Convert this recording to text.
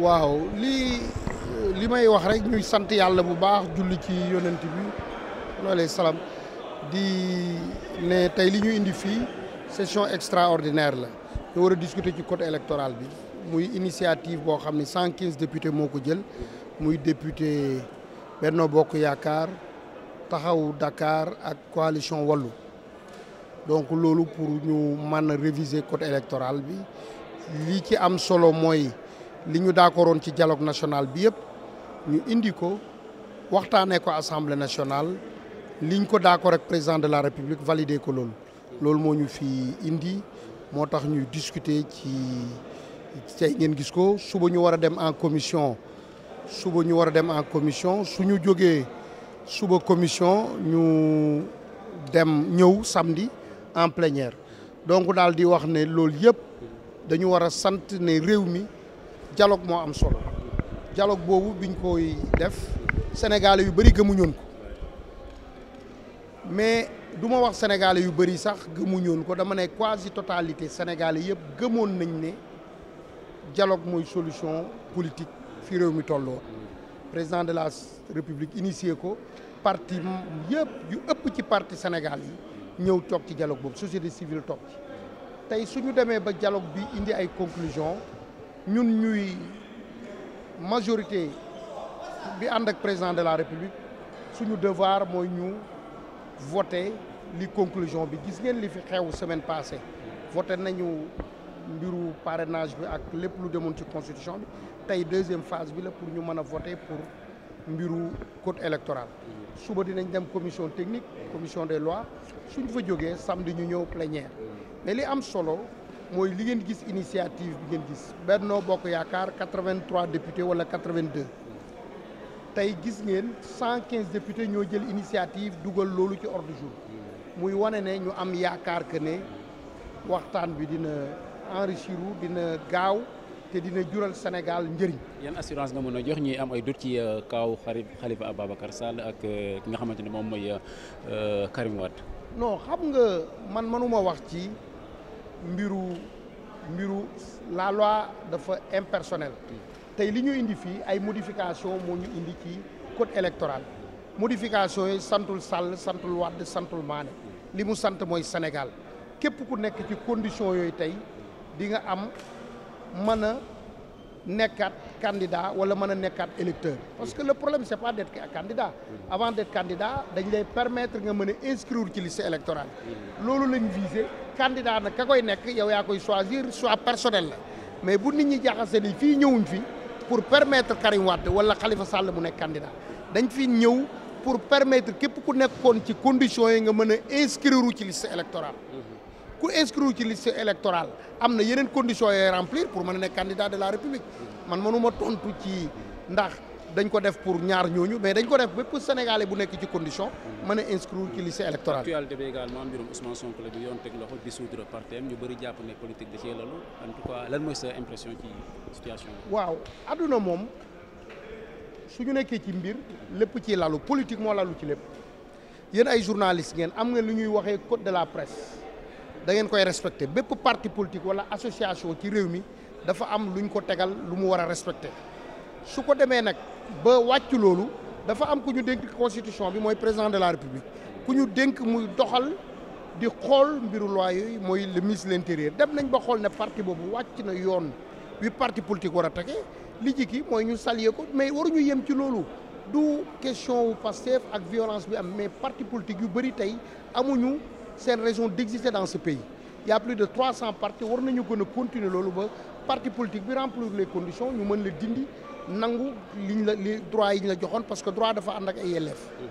waaw lii li may wax rek ñuy sant yàlla bu baax julli ci yonent bi loolee salaam di ne tey li ñu indi fii session extraordinaire la ñu war a discuter ci code électoral bi muy initiative boo xam ni cent quinze députés moo ko jël muy député Benno Bokk Yaakaar Taxawu dakaar ak coalition Wallu donc loolu pour ñu mën réviser code électoral bi lii ci am solo mooy li ñu d'accordoon ci dialogue national bi yëpp ñu indi ko waxtaanee ko assemblée nationale liñ ko d'accord ak président de la république validé ko loolu loolu moo ñu fi indi moo tax ñu discuter ci tey ngeen gis ko suba ñu war a dem en commission suba ñu war a dem en commission suñu jógee suba commission ñu dem ñëw samedi en plénière donc daal di wax ne loolu yëpp dañu war a sant ne réew mi jaloog moo am solo dialogue boobu biñ koy def sénégalais yu bëri gëmuñoon ko mais du ma wax sénégalais yu bëri sax gëmuñoon ko dama ne quasi totalité sénégalais yëpp gëmoon nañ ne jaloog mooy solution politique fi réew mi tolloo président de la république initié ko parti yëpp yu ëpp ci parti Sénégal yi ñëw toog ci dialogue boobu société civile toog ci tey su ñu demee ba jaloog bi indi ay conclusion ñun ñuy majorité bi ànd ak président de la république suñu devoir mooy ñu voter li conclusion bi gis ngeen li fi xew semaine passée voté nañu mbiru parenage bi ak lépp lu demoon ci constitution bi tey deuxième phase bi la pour ñu mën a voter pour mbiru code électoral suba dinañ dem commission technique commission des lois suñ fa jógee samedi ñu ñëw plénière mais li am solo mooy li ngeen gis initiative bi ngeen gis Benno Bokk Yaakaar 83 députés wala 82 tey gis ngeen 115 députés ñoo jël initiative dugal loolu ci ordre du muy wane ne ñu am yaakaar que ne waxtaan bi dina enrichir dina gaaw te dina jural Sénégal njëriñ. yan assurance nga mën a jox ñi am ay doute ci euh, kaw xarit Khalifa Ababacar Sall ak euh, ki nga xamante ni moom mooy euh, Karim Wade. non xam nga man mënuma wax ci. mbiru mbiru la loi dafa impersonnelle tey li ñu indi fii ay modification moo ñu indi ci code électoral modification yi santul Sall santul Wade santul Mané li mu sant mooy Sénégal képp ku nekk ci condition yooyu tey di nga am mën a nekkaat candidat wala mën a nekkaat électeur parce que la problème c'est pas d'être candidat avant d'être candidat dañu lay permettre nga mën a inscrire ci liste électorale loolu lañ visé candidat nag ka koy nekk yow yaa koy choisir choix personnel la mais bu nit ñi jaxase ni fii ñëwuñ fi pour permettre Karim Wade wala xalifa Sall mu nekk candidat dañ fi ñëw pour permetre képp ku nekkoon ci conditions yi nga mën a inscrire ci liste électorale. ku inscrire ci liste électorale am na yeneen conditions yooyu remplir pour mën a nekk candidat de la république man mënuma tontu ci ndax. dañ ko def pour ñaar ñooñu mais dañ ko def bépp sénégalais bu nekk ci condition. mën a inscrire ci liste électorale. actualité bi également mbirum Ousmane Sonko la bi yoon teg loxo dissoudre partem ñu bëri jàpp ne politique da cee lalu moom su nekkee ci mbir lépp ci lalu politique moo lalu ci lépp yéen ay journaliste ngeen am nga lu ñuy waxee code de la presse da ngeen koy respecté bépp parti politique wala association ci réew mi dafa am lu ñu ko tegal lu mu war a respecté. su ko demee nag ba wàcc loolu dafa am ku ñu dénk constitution bi mooy président de la république ku ñu dénk muy doxal di xool mbiru loi yooyu mooy le ministre de l'intérieur dem nañ ba xool ne parti boobu wàcc na yoon wi parti politique war a tege li jikki mooy ñu saluer ko mais waruñu yem ci loolu du question wu Pastef ak violence bi am mais parti politique yu bëri tey amuñu seen raison d'exister dans ce pays y' a plus de 300 partis war nañu gën a continuer loolu ba parti politique bi remplir les conditions ñu mën la dindi nangu liñ la li droit yi ñu la joxoon parce que droit dafa ànd ak ay